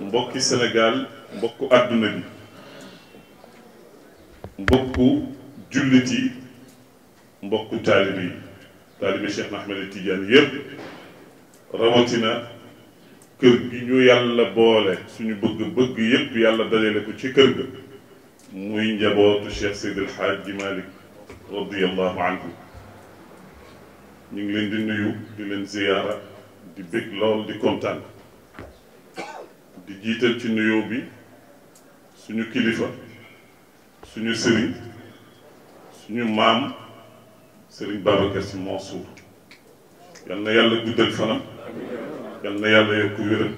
mbokki Sénégal mbokku àdduna bi mbokku jullit yi mbokku taalibe yi taalibe Cheikh Ahmed Tidiane yëpp rawatina kër gi yàlla boole suñu bëgg-bëgg yëpp yàlla dajale ko ci kër ga muy njabootu Cheikh Seydi El Hadji Malick radiyallahu anhu ñu ngi leen di nuyu di leen di bég lool di kontaan di jiital ci nuyoo bi suñu kilifa suñu sëriñ suñu maam sëriñ Babacar Sy Mansour yal na yàlla guddal fanam yal na yàlla yokk wéram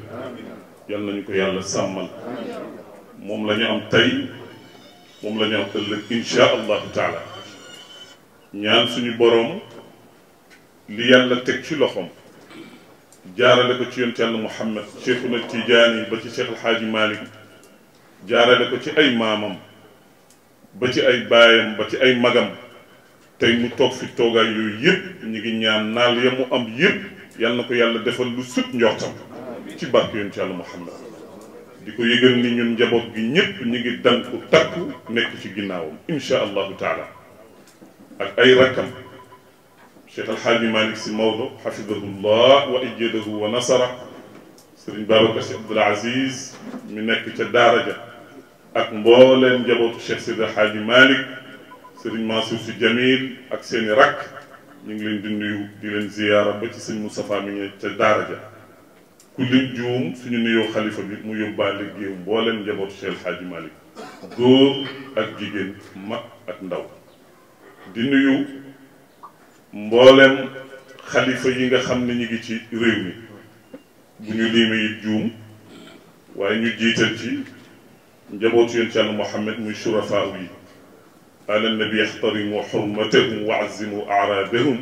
yal nañu ko yàlla sàmmal moom la am tey moom la ñu am ëllëg insha allahu taala ñaan suñu boroom li yàlla teg ci loxoom jaarale ko ci yonent Yàlla Muhammad Cheikhuna Tijaani ba ci Cheikh El Hadji Malick jaarale ko ci ay maamam ba ci ay baayam ba ci ay magam tey mu toog fi toogaay yooyu yëpp ñu ngi ñaan naal ya mu am yëpp yal na ko yàlla defal lu sut njortam ci barke yonent Yàlla Muhammad di ko yëgal ni ñun njaboot gi ñëpp ñu ngi danku takku nekk ci ginnaawam incha allahu taala ak ay rakkam Cheikh El Hadj Malick Sy Maodo xafidahullah wa ajjadahu wa nasara Serigne Babacar Sy Abdoul Aziz mi nekk ca daara ja ak mbooleem njabootu Cheikh Seydi El Hadj Malick Serigne Mansour Sy Jamil ak seen i rakk ñu ngi leen di nuyu di leen ziyaara ba ci sëñ Moustapha mi ca daara ja ku lim juum suñu nuyoo xalifa bi mu yóbbaale géew mbooleem njabootu Cheikh El Hadj Malick góor ak jigéen mag ak ndaw di nuyu. mboolem xalifa yi nga xam ne ñu ngi ci réew mi bu ñu liimee it juum waaye ñu jiital ci njabootu yonent Yàlla Muhammad muy surafaa yi ala nabi yaxtarimu xurmatahum wa azimu araadahum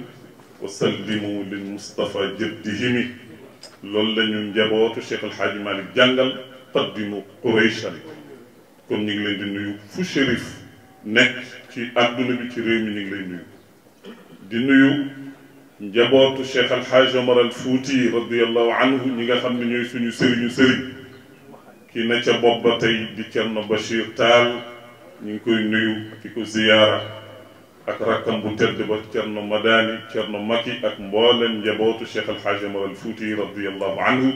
wa sallimu lil mustafa jaddihimi loolu la ñu njabootu Cheikh El Hadj Malick jàngal qaddimu quraychan kon ñu ngi leen di nuyu fu shérif nekk ci àdduna bi ci réew mi ñu ngi leen nuyu di nuyu njabootu Cheikh Al Hadj Omar Al Fouti radiyallahu anhu ñi nga xam ne ñooy suñu sëriñu sëriñ ki na ca bopp ba tey di Thierno Bachir Tall ñu ngi koy nuyu di ko ziyaara ak rakkam bu tedd ba Thierno Madani Thierno Maki ak mboolem njabootu Cheikh Al Hadj Omar Al Fouti radiyallahu anhu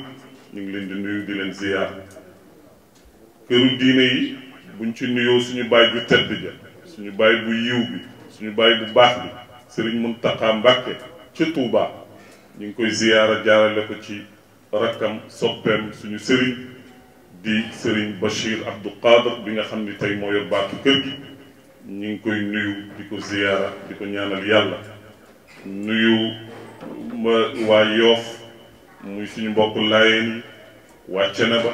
ñu ngi leen di nuyu di leen ziyaara këru diine yi buñ ci nuyoo suñu baay bu tedd ja suñu baay bu yiw bi suñu baay bu baax sëriñ Muntaxa Mbàkke ca Touba ñu ngi koy ziyaara jaarale ko ci rakkam soppeem suñu sëriñ di sëriñ Bachir Abdou Qadir bi nga xam ni tey moo yor kër gi ñu ngi koy nuyu di ko ziyaara di ko ñaanal yàlla nuyu ma waa Yoof muy suñu mbokk Laayeen waa Ceneba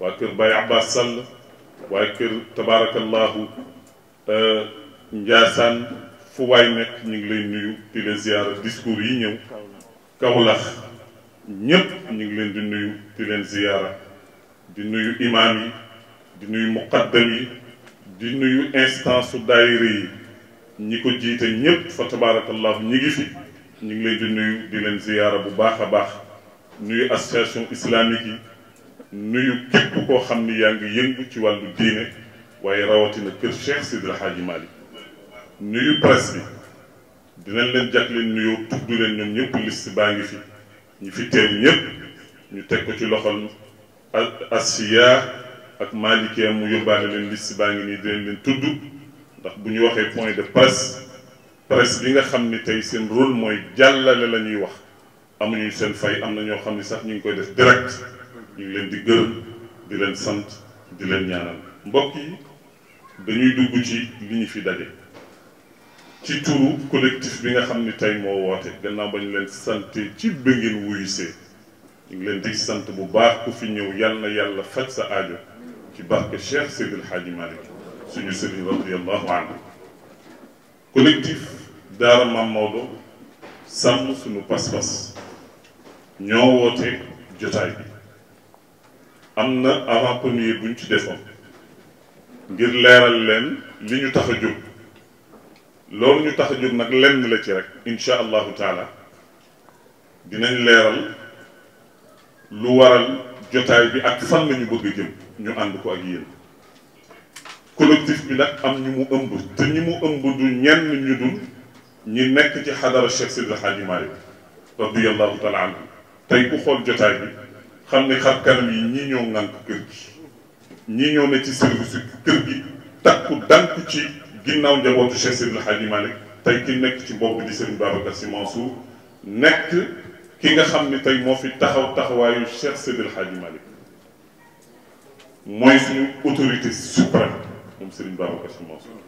waa kër Baye Abbas Sall waa kër tabaarakallahu euh, Njaasaan fu waay nekk ñu ngi lay nuyu di la ziyaara discours yi ñëw Kaolack ñépp ñu ngi leen di nuyu di leen ziyaara di nuyu imaam yi di nuyu muqaddam yi di nuyu instance su daayira yi ñi ko jiite ñépp fa tabarakallah ñi ngi fi ñu ngi leen di nuyu di leen ziyaara bu baax a baax nuyu association islamique yi nuyu képp koo xam ni yaa ngi yëngu ci wàllu diine waaye rawatina kër Cheikh Sidil Hadji Malick nuyu presse bi dinañ leen jagleel nuyoo tudd leen ñoom ñëpp liste baa ngi fi ñu fi teew ñëpp ñu teg ko ci loxol Asfiya ak Malikia mu yóbbaale leen liste baa ngi nii dinañ leen tudd ndax bu ñu waxee point de presse presse bi nga xam ni tey seen rôle mooy jàllale la ñuy wax amuñu seen fay am na ñoo xam ni sax ñu ngi koy def direct ñu ngi leen di gërëm di leen sant di leen ñaanal mbokk yi dañuy dugg ci li ñu fi daje. ci turu collectif bi nga xam ni tey moo woote gannaaw ba ñu leen sant ci bi ngeen wuyusee ñu ngi leen di sant bu baax ku fi ñëw yal na yàlla faj sa aajo ci barke Cheikh Seydil Hadji Malick suñu sëriñ radiallahu anhu collectif Daara Mame sàmm suñu pas-pas ñoo woote jotaay bi am na avant buñ ci defoon ngir leeral leen li ñu tax a jóg lool ñu tax a jóg nag lenn la ci rek incha allahu taala dinañ leeral lu waral jotaay bi ak fan la bëgg a jëm ñu ànd ko ak yéen collectif bi nag am ñu mu ëmb te ñi mu ëmb du ñenn ñu dul ñi nekk ci xadara Cheikh Seydi Hadji Malick radiyallahu taala anhu tey ku xool jotaay bi xam ne xar kanam yi ñii ñoo ŋànk kër gi ñii ñoo ne ci service kër gi takku dank ci ginnaaw njabootu Cheikh Seydil Hadji Malick tey ki nekk ci bopp di Serigne Babacar Sy Mansour nekk ki nga xam ni tey moo fi taxaw taxawaayu Cheikh Seydil Hadji Malick mooy suñu autorité suprême moom Serigne Babacar Sy Mansour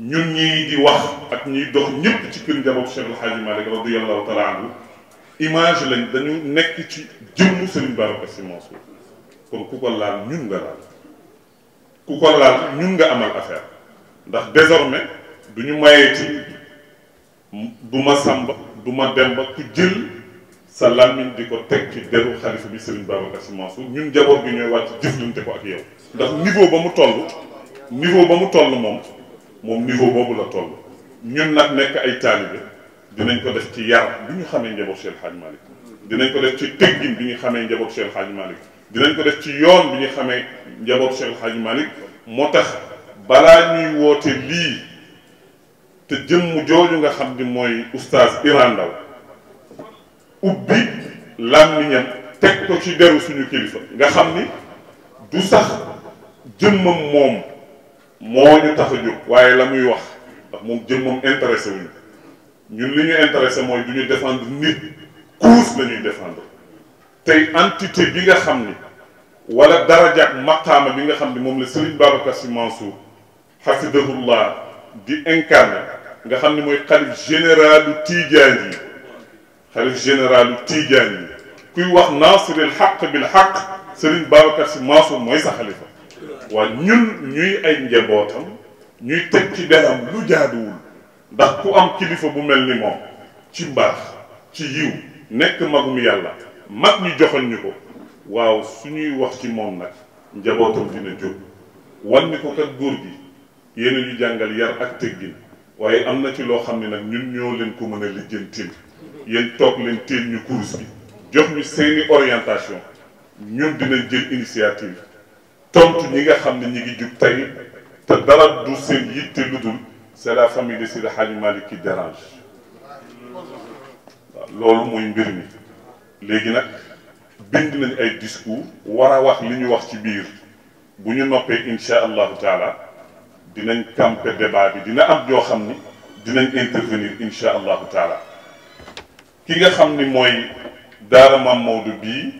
ñun ñii di wax ak ñuy dox ñëpp ci kër njabootu Cheikh El Hadji Malick radiyallahu taala anhu nekk ci jëmmu Serigne Babacar Sy Mansour kon ku ko laal ñun nga laal ku ko laal ñun nga amal affaire ndax désormais du ñu mayeeti du ma sàmba du ma demba ku jël sa làmmiñ di ko teg ci deru xalifa bi Serigne Babacar Sy Mansour ñun jaboot gi ñooy wàcc te ko ak yow ndax niveau ba mu toll niveau ba mu toll moom moom niveau boobu la toll ñun nag nekk ay taalibe dinañ ko def ci yar bi ñu xamee njaboot Cheikh Hadj Malick dinañ ko def ci teggin bi ñu xamee njaboot Cheikh Hadj Malick dinañ ko def ci yoon bi ñu xamee njaboot Cheikh Hadj Malick moo tax balaa ñuy woote lii te jëmm jooju nga xam ni mooy oustaz Iran Ndao ubbi làmmiñam teg ko ci deru suñu kilifa nga xam ni du sax jëmmam moom moo ñu tax a waaye la muy wax ndax moom jëmmam intéressé wuñu ñun li ñu intéressé mooy du ñu défendre nit cause la ñuy défendre tey entité bi nga xam ni wala darajaak maqaama bi nga xam ni moom la si Babacar Sy Mansour hafidahullah di incarné nga xam ni mooy xalif généralu tiijaan yi xalif généralu tiijaan yi kuy wax naasiril xaq bil xaq Serigne Babacar Sy Mansour mooy sa xalifa waa ñun ñuy ay njabootam ñuy teg ci deram lu jaaduwul ndax ku am kilifa bu mel ni moom ci mbaax ci yiw nekk magum yàlla mag ñu joxoon ko waaw su ñuy wax ci moom nag njabootam dina jóg wan ni ko kat góor gi yéen ñu jàngal yar ak teggin waaye am na ci loo xam ne nag ñun ñoo leen ko mën a lijjantil yéen toog leen teel ñu course bi jox ñu seeni orientation ñun dinañ jël initiative tontu ñi nga xam ne ñi ngi jug tey te dara du seen yitte lu dul c'est la famille de Seydi Hadji loolu mooy mbir mi léegi nag bind nañ ay discours war a wax li ñu wax ci biir bu ñu noppee incha allahu taala dinañ campé débat bi dina am joo xam ni dinañ intervenir incha allahu taala ki nga xam ni mooy daara Maam Maodo bii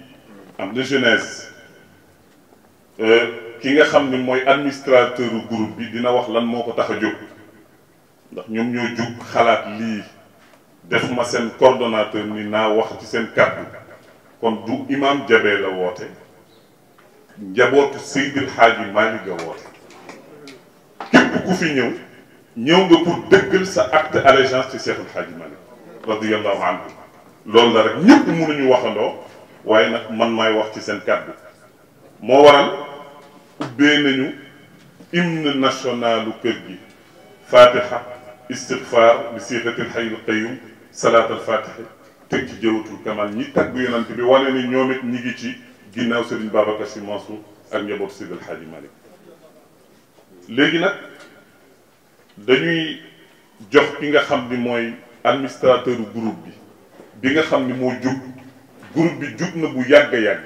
am na jeunesse euh, ki nga xam ni mooy administrateur group bi dina wax lan moo ko tax a jóg ndax ñoom ñoo jóg xalaat lii def ma seen coordonnateur ni naa wax ci seen kàddu kon du imam Jabe la woote njabootu Seydil Xaaji Maalik la woote képp ku fi ñëw ñëw nga pour dëggal sa acte allégeance ci Seexul Xaaji Maalik radiyallahu anhu loolu la rek ñëpp mënuñu waxandoo waaye nag man maay wax ci seen kàddu moo waral ubbee nañu hymne nationalu kër gi fatiha istigfaar bi siixatil xayyul qayyum salaatal fatiha teg ci jëwatul kamal ñi tagg yonent bi wane ni ñoom ñi ngi ci ginnaaw Serigne Babacar Sy Mansour ak njaboot Seydi El Hadji Malick léegi dañuy jox ki nga xam ni mooy administrateur group bi bi nga xam ni moo jub groupe bi jub na bu yàgg yàgg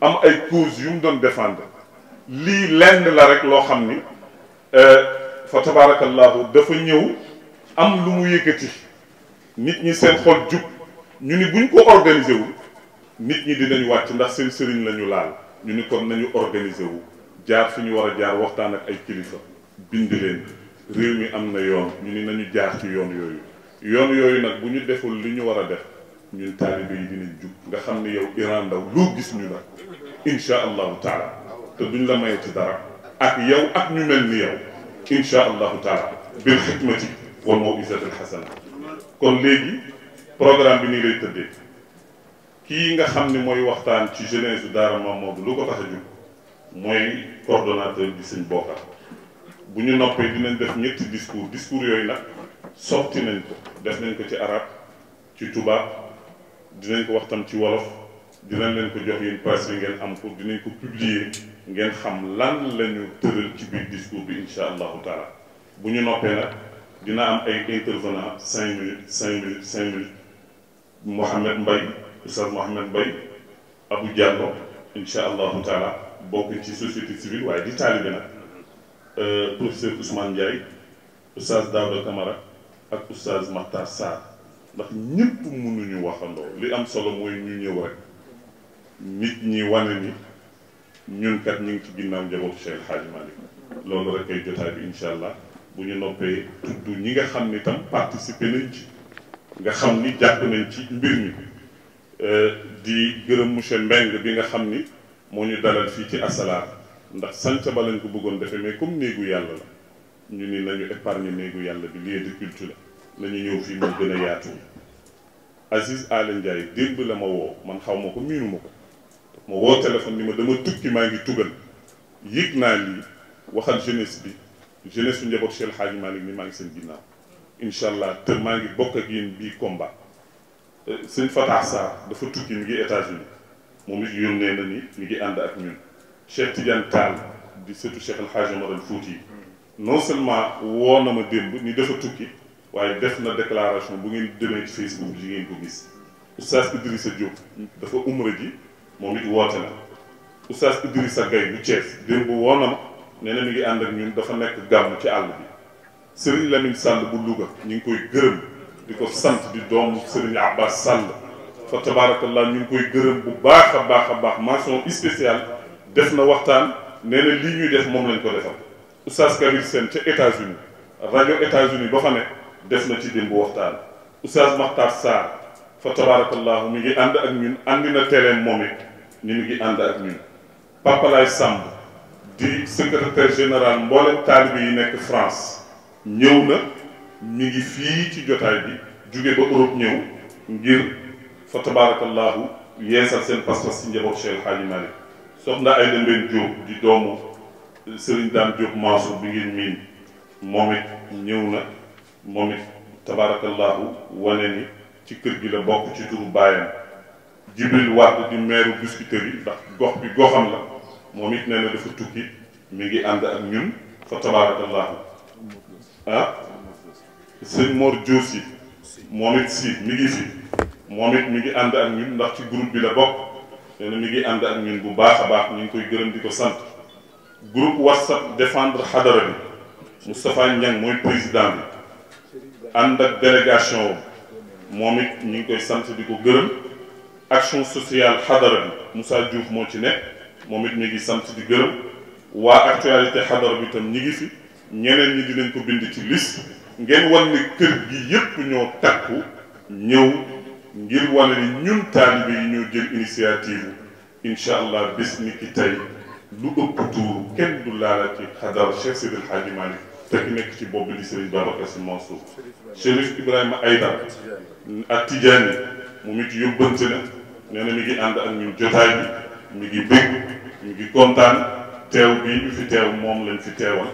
am ay cause yu mu doon defande lii lend la rek loo xam ni euh, fa tabarakallahu dafa ñëw am lu mu yëkkati nit ñi seen xol jub ñu ni buñ ko organiser wu nit ñi dinañ wàcc ndax seen sëriñ la ñu laal ñu ni kon nañu organiser wu jaar fi ñu war a jaar waxtaan ak ay kilifa bind leen réew mi am na yoon ñu ni nañu jaar ci yoon yooyu yoon yooyu nag bu ñu deful li ñu war a def ñun taalibe bi dinañ jug nga xam ne yow Iran Ndao loo gis ñu la incha allahu taala te duñ la mayati dara ak yow ak ñu mel ni yow incha allahu taala bil xikmati wal mawisatil xasana kon léegi programme bi nii lay tëddee kii nga xam ni mooy waxtaan ci jeunesse su daara Mamadou lu ko tax a jug mooy coordonnateur bi sëñ Bokar bu ñu noppee dinañ def ñetti discours discours yooyu nag sotti nañ ko def nañ ko ci arab ci tubaab dinañ ko waxtam ci wolof dinañ leen ko jox yéen presse bi ngeen am pour dinañ ko publier ngeen xam lan la ñu tëral ci biir discours bi incha allahu taala bu ñu noppee nag dina am ay intervenant cinq minutes cinq minutes cinq minutes Mouhamed Mbaye Oustaz Mouhamed Mbaye Abou Diallo incha allahu taala bokk ci société civile waaye di taalibe nag Euh, professeur Ousmane Ndiaye oustaz Daouda Camara ak oustaz Makhtar Sarr ndax ñëpp mënuñu waxandoo li am solo mooy ñu ñëw rek nit ñi wane ni ñun kat ñu ngi ci ginnaaw njabootu Cheikh El Hadj loolu rek ay jotaay bi incha allah bu ñu noppee tudd ñi nga xam ni tam participé nañ ci nga xam ni jàpp nañ ci mbir mi euh, di gërëm monsieur Mbeng bi nga xam ni moo ñu dalal fii ci asalaam ndax sanc ba lañ ko bëggoon defee mais comme néegu yàlla la ñu ni nañu épargne néegu yàlla bi lieu de culte la nañu ñëw fii moo gën a yaatu Aziz Aly Ndiaye démb la ma woo man xaw ma ko miinu ko ma woo téléphone ni ma dama tukki maa ngi tugal yëg naa lii waxal jeunesse bi jeunesse bu njaboot Cheikh Hadji Malick ni maa ngi seen ginnaaw incha allah te maa ngi bokk ak yéen bii combat eh, sëñ Fatah Sarr dafa tukki mi ngi États-Unis moom it yónnee na ni mi Cheikh Tidiane Tall di sëtu Cheikh El Hadj Omar al Fouti woo na ma démb ni dafa tukki waaye def na déclaration bu ngeen demee ci Facebook bi ngeen ko gis Oustaz Idrissa Diop dafa umra ji moom it woote na Oustaz Idrissa Gaye bu Thiès démb woo na ma nee na mi ngi ànd ak ñun dafa nekk gàmm ci àll bi Serigne Lamine Sall bu luga ñu ngi koy gërëm di ko sant di doomu Serigne Abbas Sall fa tabarakallah ñu ngi koy gërëm bu baax a baax a baax mention spéciale def na waxtaan nee na lii ñuy def moom lañ ko defal Oustaz Kabir Sène ca États-Unis rajo États-Unis ba fa ne def na ci démb waxtaan Oustaz Makhtar Sarr fa tabarakallahu mi ngi ànd ak ñun àndi na tereem moom it ñu mi ngi ànd ak ñun Papa Laye Samb di secrétaire général mboolem taalibe yi nekk France ñëw na mi ngi fii ci jotaay bi jóge ba Europe ñëw ngir fa tabarakallahu yeesal seen pas ci njaboot Cheikh Hadji Malick soxna Ayda Mbène Diop di doomu Serigne Dame Diop Mansour bi ngeen miin moom it ñëw na moom it tabaarakallaahu wane ni ci kër gi la bokk ci turu baayam Jibril Wade di meeru Biscuiterie yi ndax gox bi goxam la moom it nee dafa tukki mi ngi ànd ak ñun fa tabaarakallaahu ah sëñ Mor Diouf moom it si mi ngi si moom it mi ngi ànd ak ñun ndax ci groupe bi la bokk nee na mi ngi ànd ak ñun bu baax a baax ñu ngi koy gërëm di ko sant groupe whatsapp défendre xadara bi Moustapha Niang mooy président bi ànd ak délégation moom it ñu ngi koy sant di ko gërëm action sociale xadara bi Moussa Diouf moo ci nekk moom it mi ngi sant di gërëm waa actualité xadara bi itam ñi ngi fi ñeneen ñi dinañ ko bind ci liste ngeen wan ni kër gi yépp ñoo takku ñëw ngir wane ni ñun taalibe yi ñoo jël initiative incha allah bis ni ki tey lu ëpp tuuru kenn du laala ci xadar Cheikh Seydil Hadji Malick te ki nekk ci bopp li Serigne Babacar Sy Mansour Chérif Ibrahima Aïda ak Tidiane moom it yóbbante na nee na ngi ànd ak ñu jotaay bi mi ngi bég mi ngi kontaan teew bii ñu fi teew moom lañ fi teewal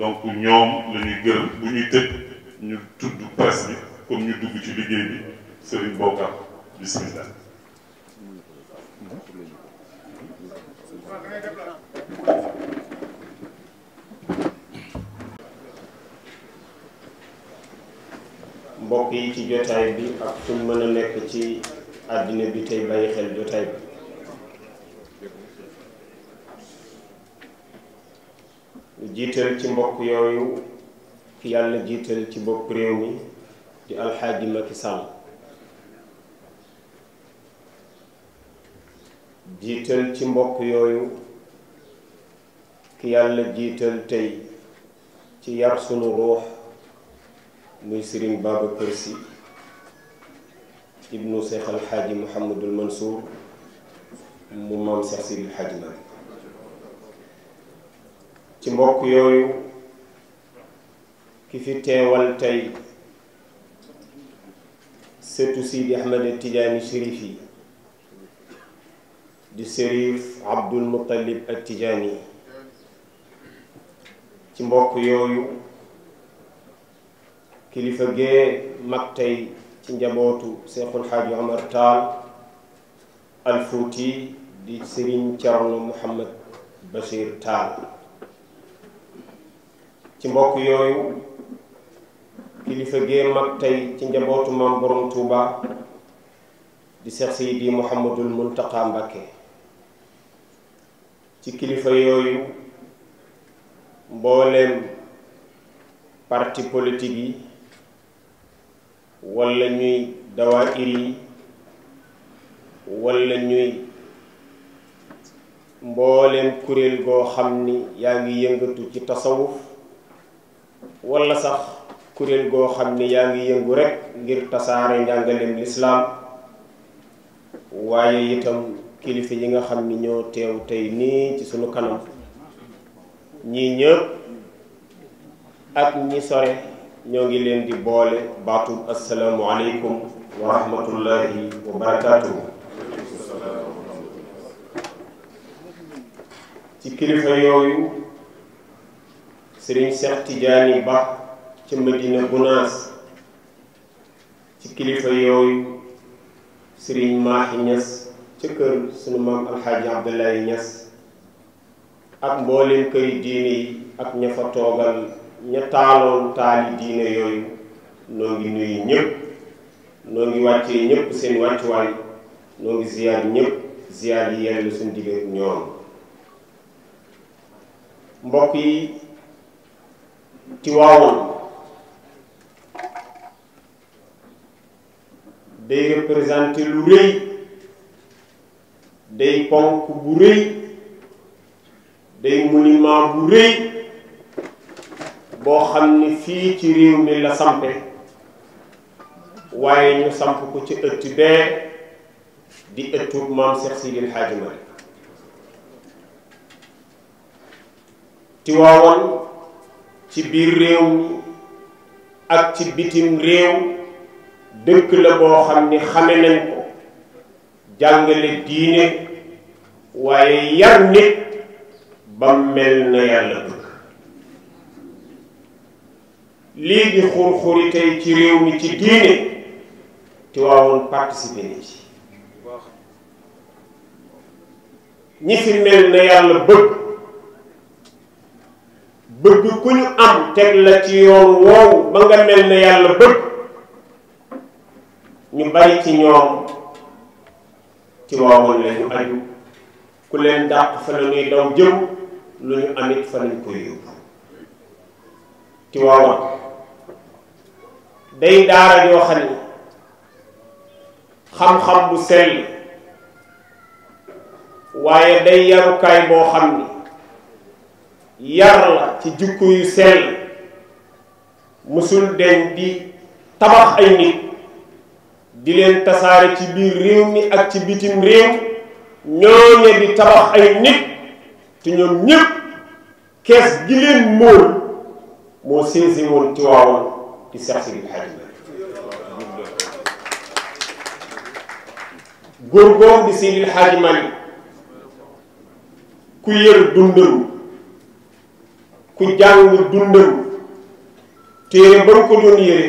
donc ñoom la ñuy bu ñuy tëj ñu tudd presse bi comme ñu dugg ci liggéey bi Serigne mbokk yi ci jotaay bi ak fu mën a nekk ci àddina bi tey bàyyi xel jotaay bi jiital ci mbokk yooyu ki yàlla jiital ci bopp réew mi di alxaaji Macky Sall jiital ci mbokk yooyu ki yàlla jiital tey ci yàq sunu ruux muy sëriñ Babacar Sy ibnu seex alxaaji muhammadul mansuur mu maam seex sidil xaaji Maalik ci mbokk yooyu ki fi teewal tey sëtu sidi ahmed tijaani shérif yi di Serif Abdul Muttalib ak Tijaani ci mbokk yooyu kilifa gee mag tey ci njabootu Seexul Xaaji Omar Taal alfuuti di Sëriñ Cerno Muhammad Bachir Taal ci mbokk yooyu kilifa gee mag tey ci njabootu maam Borom Tuuba di Seex Seydi Muhammadul Muntaqa Mbakke ci kilifa yooyu mbooleem parti politik yi walla ñuy dawaayir yi walla ñuy mbooleem kuréel goo xam ni yaa ngi yëngatu ci tasawuf walla sax kuréel goo xam ni yaa ngi yëngu rekk ngir tasaare njàngaleem lislaam waaye itam kilifa yi nga xam ni ñoo teew tey nii ci sunu kanam ñii ñëpp ak ñi sore ñoo ngi leen di boole baatub assalaamu aleykum wa rahmatullahi ci kilifa yooyu sëriñ Cheikh Tidiane Ba ca Medina Gunaas ci kilifa yooyu sëriñ Mahi Niass ca kër sunu maam alxaaji Abdoulaye Niass ak mboolem këri diine yi ak ña fa toogal ña taaloon taali diine yooyu noo ngi nuyu ñëpp noo ngi wàccee ñëpp seen wàccuwaay noo ngi ziyaar ñëpp ziyaar yi yàlla suñu digéeg ñoom mbokk Tiwaawoon day représenté lu rëy day ponk bu rëy day monument bu rëy boo xam ni fii ci réew mi la sampe waaye ñu samp ko ci ëtt bee di ëttub maam Seex Sidil Haaji Maalik Tiwaawan ci biir réew mi ak ci bitim réew dëkk la boo xam ni xame nañ ko jàngale diine waaye yar nit ba mel na yàlla bëgg lii di xur ci réew mi ci diine te waawoon participer ni ci ñi fi mel na yàlla bëgg bëgg ku ñu am teg la ci yoon woowu ba nga mel na yàlla bëgg ñu bari ci ñoom ci waawoon lañu aju ku leen dàq fa la ñuy daw jëm lu ñu amit fa lañ koy yóbbu Tiwaawan day daara yoo xam ne xam-xam bu sell waaye day yarukaay boo xam ne yar la ci jikko yu sell musul deñ di tabax ay nit di leen tasaare ci biir réew mi ak ci bitim réew ñooñe di tabax ay nit te ñoom ñëpp kees gi leen mool moo saisi woon Tiwaawan di Seex Sidi El Hadji Malick góor góor di Sidi El Hadji Malick ku yër dundam ku jàng dundam téere ba ko doon yëre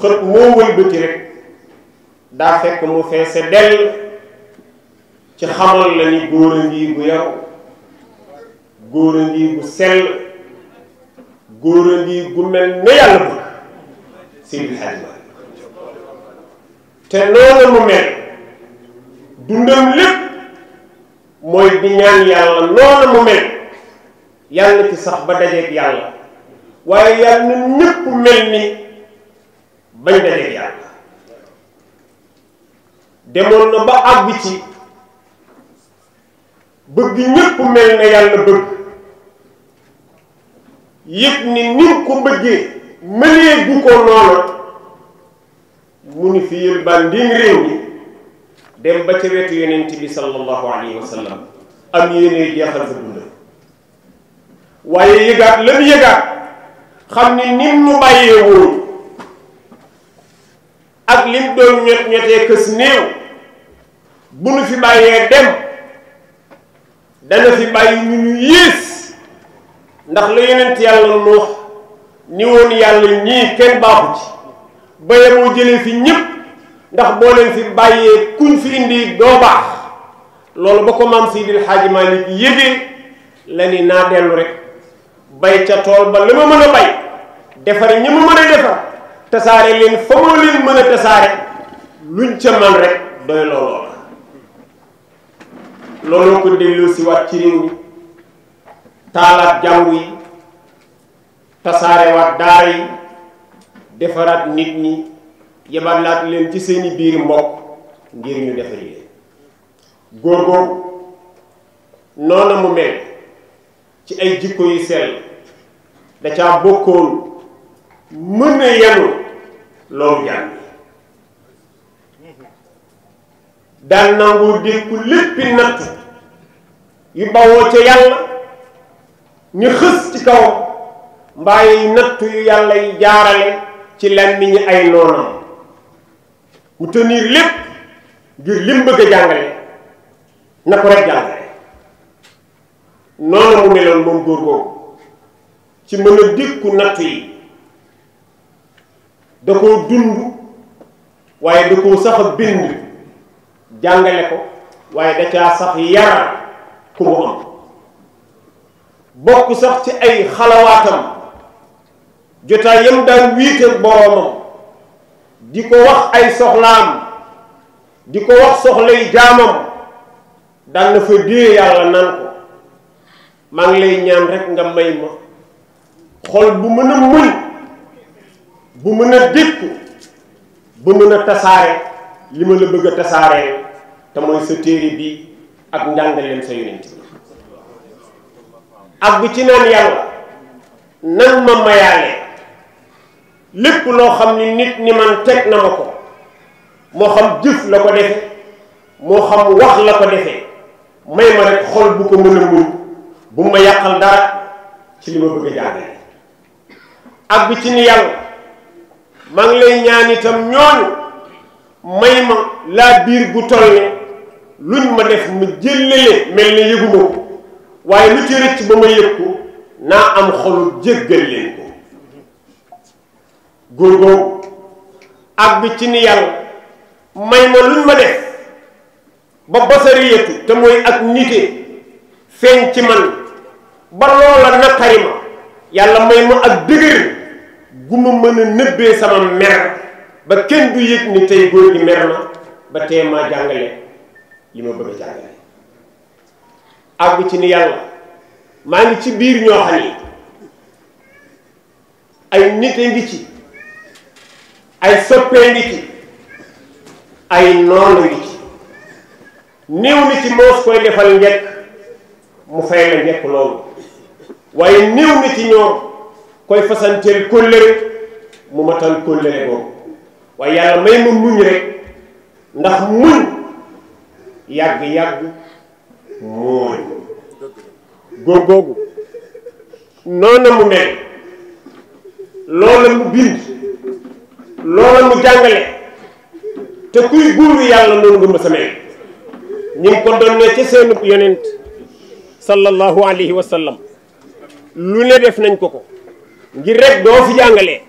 xët moo wëlbati rek daa fekk mu feese dell ci xamal la ni góor a ngi bu yaru góor a ngi bu sell góor a ngi gu mel ne yàlla bu Seydi Hadji Malick te noonu mu mel dundam lépp mooy di ñaan yàlla noonu mu mel yàlla ci sax ba dajeeg yàlla waaye yàlla ñépp mel ni bañ dajeeg yàlla demoon na ba àgg ci bëgg ñépp mel na yàlla bëgg yëpp ni nim ko bëggee mënee gu ko noona mu ni fi yëlbandim réew mi dem ba ca wetu yonent bi sallallahu alayhi wa sallam am yéene jeexal sa dund waaye yëgaat la mu yëgaat xam ni nim mu bàyyee woon ak lim doon ñot ñotee kës néew bu nu fi bàyyee dem dana fi bàyyi ñu ñu yées ndax la yonent yàlla noox ni woon yàlla ñii kenn baaxu ci ba yemoo jëlee fi ñëpp ndax boo leen fi bàyyee kuñ fi indi doo baax loolu ba ko maam Seydil Hadji Malick yëgee la ni naa dellu rekk bay ca tool ba la ma mën a bay defar ñi ma mën a defar tasaare leen fa ma leen mën a tasaare luñ ca man rekk doy looloo looloo ko delloo si waat ci réew taalaat jàngu yi tasaarewaat daara yi defaraat nit ñi yebalaat leen ci seeni biir mbokk ngir ñu defari leen góor noona mu mel ci ay jikko yu sell da caa bokkoon mën a yenu loolu jàng daal nangoo dékku léppi natt yu bawoo ca yàlla ñu xës ci kaw mbaa yi natt yu yàlla yi jaarale ci làmmiñi ay noonam mu tenir lépp ngir lim bëgg jàngale na ko rek jàngale noonu mu meloon googu ci mën a dékku natt yi da koo dund waaye da koo sax a bind jàngale ko waaye da caa sax yar ku mu am bokk sax ci ay xalawaatam jotaay yam daan wiital boroomam di ko wax ay soxlaam di ko wax soxlay jaamam daan na fa dee yàlla naan ko maa ngi lay ñaan rek nga may ma xol bu mën a muñ bu mën a bu mën tasaare li ma la bëgg a tasaaree te mooy sa téere bi ak njàngaleem sa yonent bi ak bi ci naan yàlla nan ma mayaale lépp loo xam ni nit ni man teg na ma ko moo xam jëf la ko defe moo xam wax la ko defee may ma rek xol bu ko mën a mun bu ma yàqal dara ci li ma bëgg jàngale ak bi ci ni yàlla maa ngi lay ñaan itam ñooñu may ma laa biir bu toll ne luñ ma def mu jëllale mel ne yëgu ko waaye lu ci rëcc ba ma yëg ko naa am xolu jéggal leen ko góor googu ak ci ni yàlla may ma luñ ma def ba basariyatu te mooy ak nite feeñ ci man ba loola naqari ma yàlla may ma ak dëgër gu ma mën a nëbbee sama mer ba kenn du yég ni tey góor gi mer na ba tee maa jàngale li ma bëgg a jàngale àgg ci ni yàlla maa ngi ci biir ñoo xam ni ay nit a ngi ci ay soppee ngi ci ay noonu ngi ci néew ni ci moos koy defal njëkk mu fay la njëkk loolu waaye néew ni ci ñoom koy fasanteel kóllëre mu matal kóllëre boobu waaye yàlla may ma muñ rek ndax muñ yàgg-yàgg mooy góor googu noona mu mel loola mu bind loola mu jàngale te kuy buuru yàlla noonu nga mës a mel ko doon ne ca seen yonent sallallahu alayhi wa sallam lu ne def nañ ko ko ngir rek doo fi jàngalee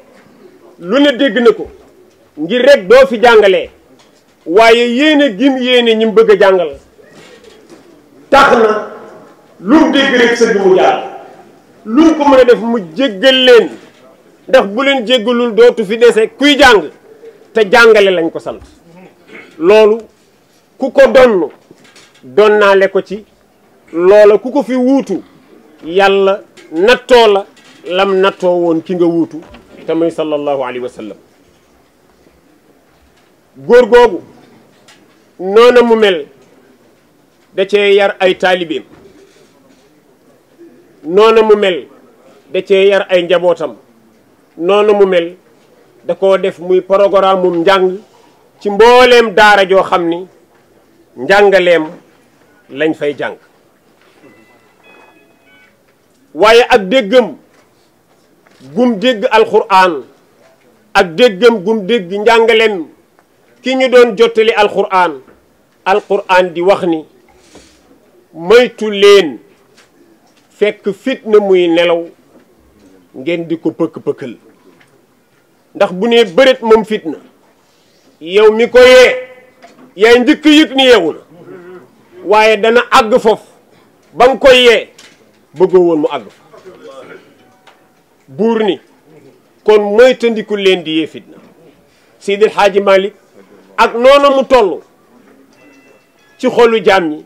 lu ne dégg na ko ngir rek doo fi jàngalee waaye yéene gim yéene ñi mu bëgg a jàngal tax na lu mu dégg rek sëgg mu jàll lu mu ko mën a def mu jéggal leen ndax bu leen jéggalul dootu fi dese kuy jàng te jàngale lañ ko sant loolu ku ko donn donnaale ko ci loola ku ko fi wuutu yàlla nattoo la lam nattoo woon ki nga wuutu te muy sallallahu alayhi wa sallam góor googu noona mu mel da cee yar ay taalibeem noona mu mel da cee yar ay njabootam noona mu mel da koo def muy programme njàng ci mbooleem daara joo xam ni njàngaleem lañ fay jàng waaye ak déggam gum dégg alxuraan ak déggam gum dégg njàngaleem ki ñu doon jottali alquran alquran di wax ni moytu leen fekk fitna muy nelaw ngeen di ko pëkk-pëkkal ndax bu nee bëreet moom fitna yow mi ko yee yaay njëkk yëg ni yeewu na waaye dana àgg foofu ba nga koy yee bëggoo woon mu àgg fa buur ni kon moytandiku leen di yee fitna Seydil Hadji Malick ak noonu mu toll ci xolu jaam ñi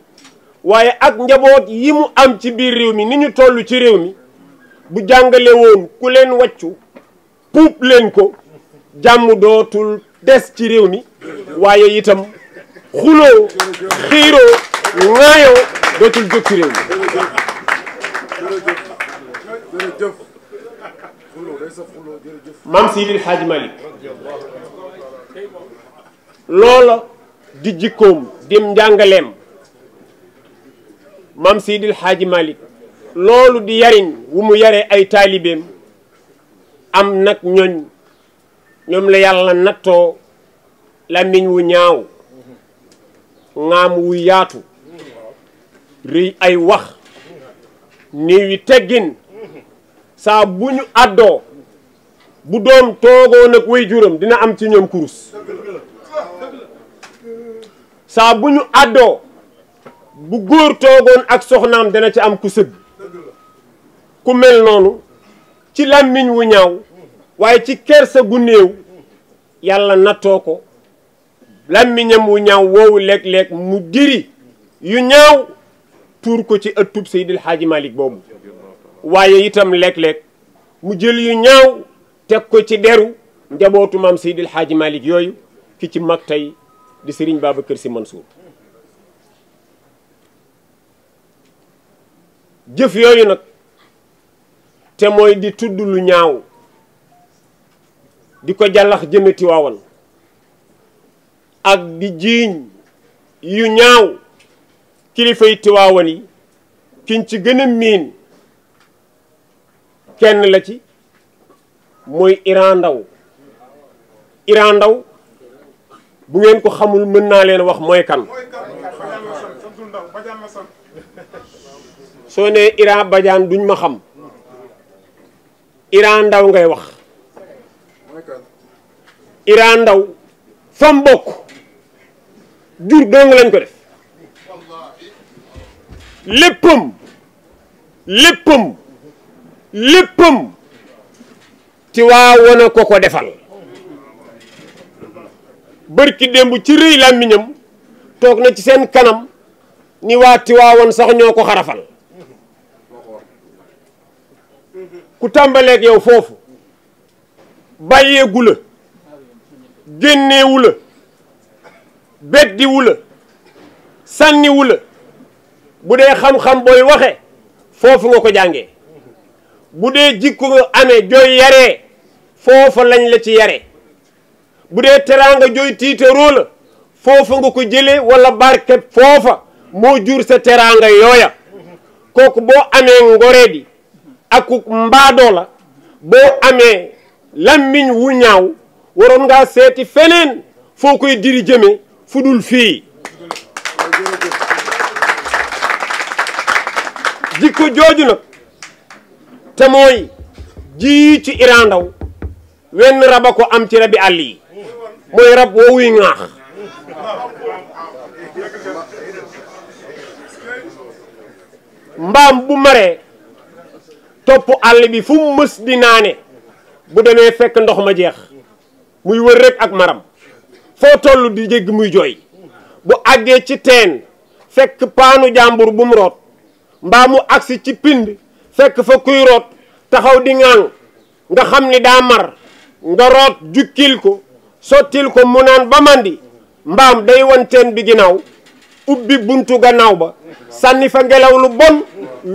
waaye ak njaboot yi mu am ci biir réew mi ni ñu tollu ci réew mi bu jàngale ku leen waccu puub leen ko jàmm dootul des ci réew mi waaye itam xuloo xiiroo ŋaayoo dootul jóg ci réew mi maam Sidil Hadj Malick loola di jikkoom dim njàngaleem maam Seydil Xaaji Malick loolu di yariñ wu mu yare ay taalibeem am nag ñooñ ñoom la yàlla nattoo làmmiñ wu ñaaw ŋaam wu yaatu rëy ay wax néewi teggin saa bu ñu àddoo bu doom toogoo nag way juram dina am ci ñoom kurus saa bu ñu àddoo bu góor toogoon ak soxnaam dana ci am ku sëgg ku mel noonu ci làmmiñ wu ñaaw waaye ci kersa gu néew yàlla nattoo ko làmmiñam wu ñaaw woowu léeg-léeg mu diri yu ñaaw tuur ko ci ëttub Seydil Hadji Malick boobu waaye itam léeg-léeg mu jël yu ñaaw teg ko ci deru njabootu maam Seydil Hadji yooyu ki ci mag tey di Serigne Babacar Sy Mansour jëf yooyu nag te mooy di tudd lu ñaaw di ko jàllax jëme Tiwaawan ak di jiiñ yu ñaaw kilifay Tiwaawan yi kiñ ci gën miin kenn la ci mooy Iran Ndaw Iran Ndaw bu ngeen ko xamul mën naa leen wax mooy kan soo nee Iran Badiane duñ ma xam Iran Ndaw ngay wax Iran Ndaw fam bokk jur dong lañ ko def léppam léppam léppam ci waa ko ko defal bër bërki démb ci rëy làmmiñam toog na ci seen kanam ni waa Tiwaawoon sax ñoo ko xarafal ku tàmbaleek yow foofu bàyyeegu la génneewu la beddiwu la sànniwu la bu dee xam-xam booy waxe foofu nga ko jàngee bu dee jikko nga amee jooy yaree foofa lañ la ci yare bu dee teraanga jooy tiitaroo la foofa nga ko jëlee walla barke foofa moo jur sa teraanga yooya kooku boo amee ngore di ak la boo amee lammiñ wu ñaaw waroon ngaa seeti feneen foo koy diri jëme fu dul fii jikko jooju nag te mooy jii ci irandaw wenn raba ko am ci rabi àll mooy rab woowuy ŋaax mbaam bu maree topp àll bi fu mu mës di naane bu demee fekk ndox ma jeex muy wër rek ak maram foo toll di jégg muy jooy bu àggee ci teen fekk paanu jàmbur bu mu root mbaa mu agsi ci pind fekk fa kuy root taxaw di ŋaaŋ nga xam ni daa mar nga root jukkil ko sottil ko mu naan ba màndi mbaam day wan bi ginaaw ubbi buntu gannaaw ba sànni fa ngelaw lu bon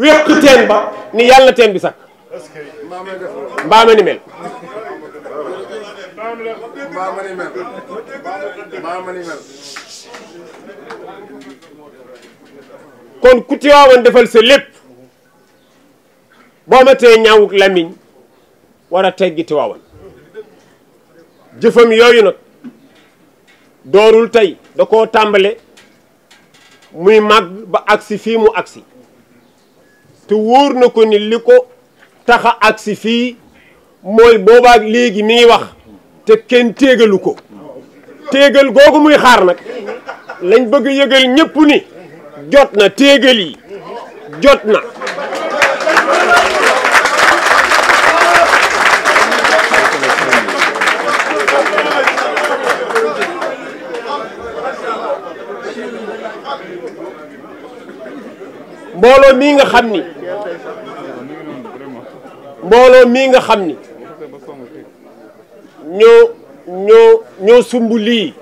wéq ba ni yàlla teen bi ni mel kon ku Tiwaawan defal sa lépp boo ma tee ñaawuk lamiñ war a teggi Tiwaawan jëfam yooyu nag doorul tey da ko tàmbale muy màgg ba agsi fii mu agsi te wóor na ko ni li ko taxa agsi fii mooy boobaak léegi mi ngi wax te kenn téegalu ko téegal googu muy xaar nag lañ bëgg yëgal ñëpp ni jot na téegal yi jot na mbooloo mi nga xam ni mbooloo mii nga xam ni ñoo ñoo ñoo sumb lii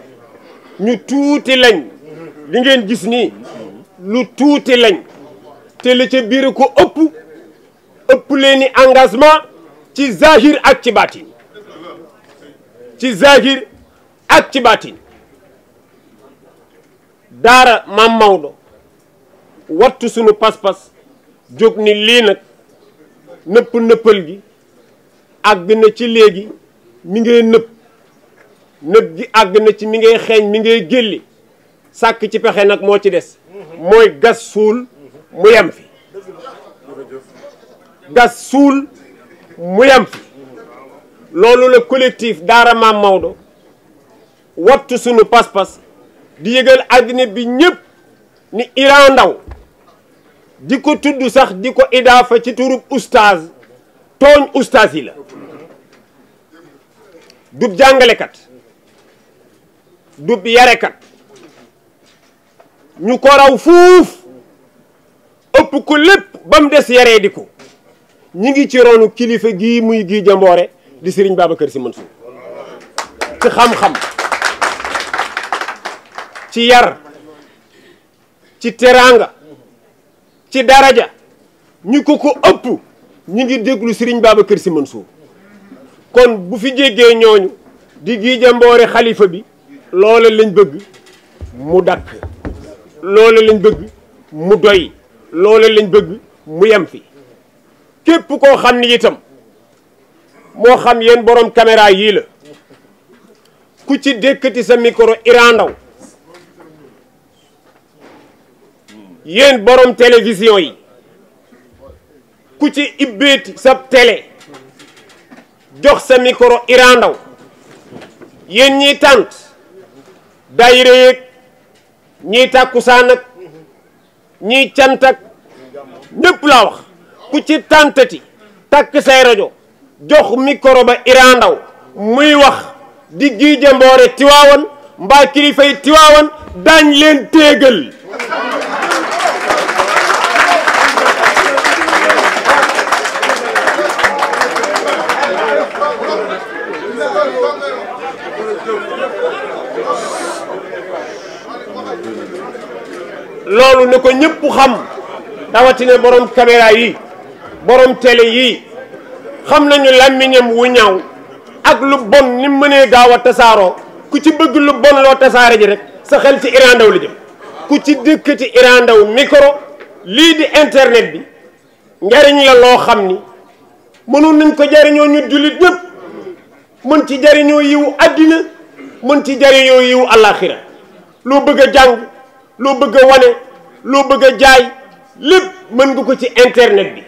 ñu tuuti lañ li ngeen gis ni lu tuuti lañ te la ca biir ko ëpp ëpp leen ni engagement ci zahir ak ci baatin ci zahir ak ci baatin daara maam Maodo wattu sunu pas-pas jóg ni lii nag nëpp nëppal gi àgg na ci léegi mi ngay nëpp nëpp gi àgg na ci mi ngay xeeñ mi ngay gélli sàkk ci pexe nag moo ci des mooy gas suul mu yem fi gas suul mu yem fi loolu la collectif Daara Maam Maodo wattu sunu pas-pas di yëgal àddina bi ñëpp ni Iran ndaw di ko tudd sax di ko idaafa ci turub oustaz tooñ oustaz yi la dub jàngalekat dub yarekat ñu ko raw fuuf ëpp ko lépp ba mu des yaree di ko ñi ngi ci ronu kilifa gi muy gii jëmboore di Serigne Babacar Sy Mansour ci xam-xam ci yar ci teraanga ci daraja ñu ko ko ëpp ñu ngi déglu Serigne Babacar Sy Mansour kon bu fi jéggee ñooñu di giija xalifa bi loole lañ bëgg mu dakk loole lañ bëgg mu doy loole lañ bëgg mu yam fi képp koo xam ni itam moo xam yéen boroom caméra yii la ku ci dékkati sa micro Iran yéen borom télévision yi ku ci ibbeeti sa télé jox sa micro Iran Ndao yéen ñiy tànt daayira yeeg ñiy tàkkusaan ak ñiy cant ak ñëpp laa wax ku ci tàntati takk say rajo jox mikoro ba Iran Ndao muy wax di giije mboore tiwaawan mbaa kilifay tiwaawan daañ leen téegal loolu ne ko ñëpp xam rawatina borom caméra yi borom télé yi xam nañu làmmiñam wu ñaw ak lu bon ni mënee gaaw a tasaaroo ku ci bëgg lu bon loo tasaare ji rek sa xel ci Iran Ndao ku ci dëkk ci Ndao micro lii di internet bi njariñ la loo xam ni mënoon nañ ko jariñoo ñu jullit ñëpp mën ci jariñoo yiw àddina mën ci jariñoo yiw àllaaxira loo bëgg a jàng loo bëgg a wane loo bëgg a jaay lépp mën nga ko ci internet bi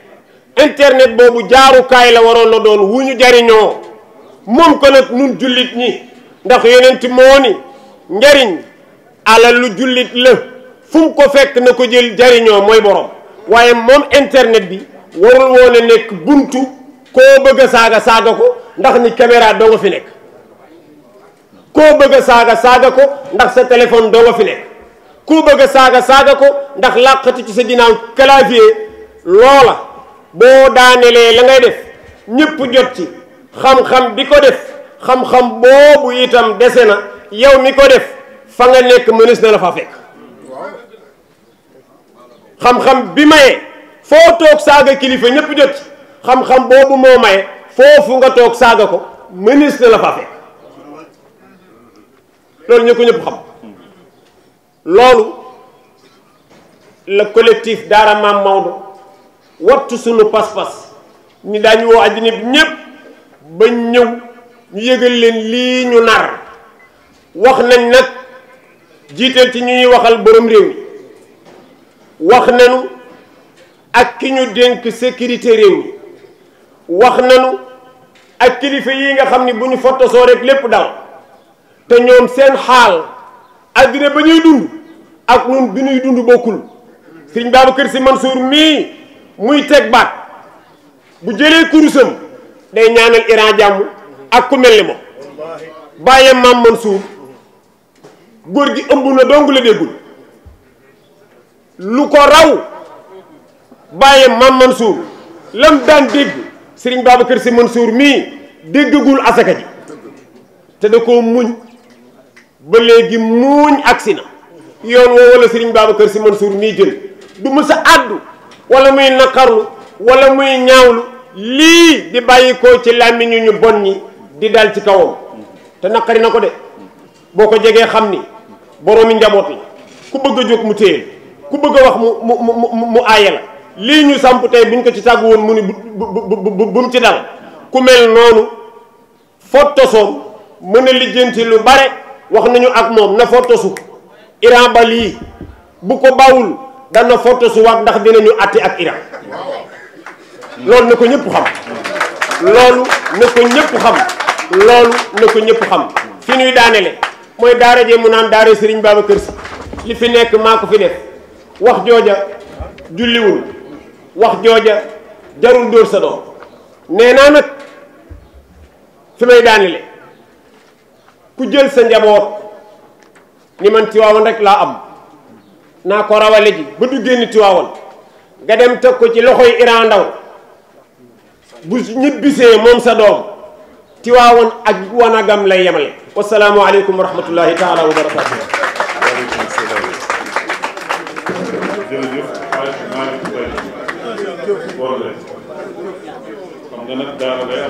internet boobu jaarukaay la waroon na doon wu ñu jariñoo moom ko nag nun jullit ñi ndax yonent moo ni njariñ alal lu jullit la fu mu ko fekk na ko jël jariñoo mooy borom waaye moom internet bi warul woon a nekk buntu koo bëgg saaga saaga ko ndax ni caméra doo fi nekk koo bëgg saaga saaga ko ndax sa téléphone doo fi nekk ku bëgg a saaga saaga ko ndax làqati ci sa ginnaaw clavier loola boo daanelee la ngay def ñëpp jot ci xam-xam bi ko def xam-xam boobu itam dese na yow mi ko def fa nga nekk mënees na la faa fekk xam-xam bi maye kilifa ñëpp jot ci xam-xam boobu foofu nga toog saaga ko mënees na la faa fekk loolu ñu ko ñëpp xam loolu la collectif Daara Maam Maodo wattu sunu pas-pas ni daañu woo àddina bi ñépp ba ñëw ñu yëgal leen lii ñu nar wax nañ nag jiital ci ñu ñuy waxal borom réew mi wax nañu ak ki ñu denk sécurité réew mi wax nañu ak kilifa yi nga xam ni bu ñu fottosoo rek lépp dal te ñoom seen xaal addina ba ñuy dund ak ñun bi ñuy dund bokkul sëriñ Babacar Sy Mansour mii muy teg baat bu jëlee kurusam day ñaanal Iran jàmm ak ku mel ni moom bàyyam maam Mansour góor gi ëmb na dong la déggul lu ko raw bàyyam maam Mansour lam daan dégg sëriñ Babacar Sy Mansour mii déggagul asaka ji te da koo muñ ba léegi muuñ agsi na yoon woo wala Serigne Babacar Sy Mansour mii jël du mës àddu walla muy naqarlu wala muy ñaawlu lii di bàyyi ko ci làmmiñu ñu ñu bon ñi di dal ci kawam te naqari na ko de boo ko jegee xam ni boroomi njaboot yi ku bëgg a jóg mu téye ku bëgg a wax mu mu mu mu aaye la lii ñu samp tey buñ ko ci tàggu woon mu ni bu bu bu mu ci dal ku mel noonu fottosoom mën a lijjanti lu bare. wax nañu ak moom na fotosu Iran ba lii bu ko bawul dana fotosu waat ndax dinañu àtte ak Iran loolu na ko ñëpp xam loolu na ko ñëpp xam fi ñuy daanele mooy daara jee mu naan daara Serigne Babacar Sy li fi nekk maa ko fi def wax jooja julliwul wax jooja jarul dóor sa doom nee naa nag fi may daanele ku jël sa njaboot ni man Tiwaawan rek laa am naa ko rawale ji ba du génn Tiwaawan nga dem teg ko ci loxoy Iran Ndaw bu ñibbisee moom sa doom Tiwaawan ak wanagam lay yemale wasalaamu aleykum wa rahmatullahi wa barakatuh jërëjëf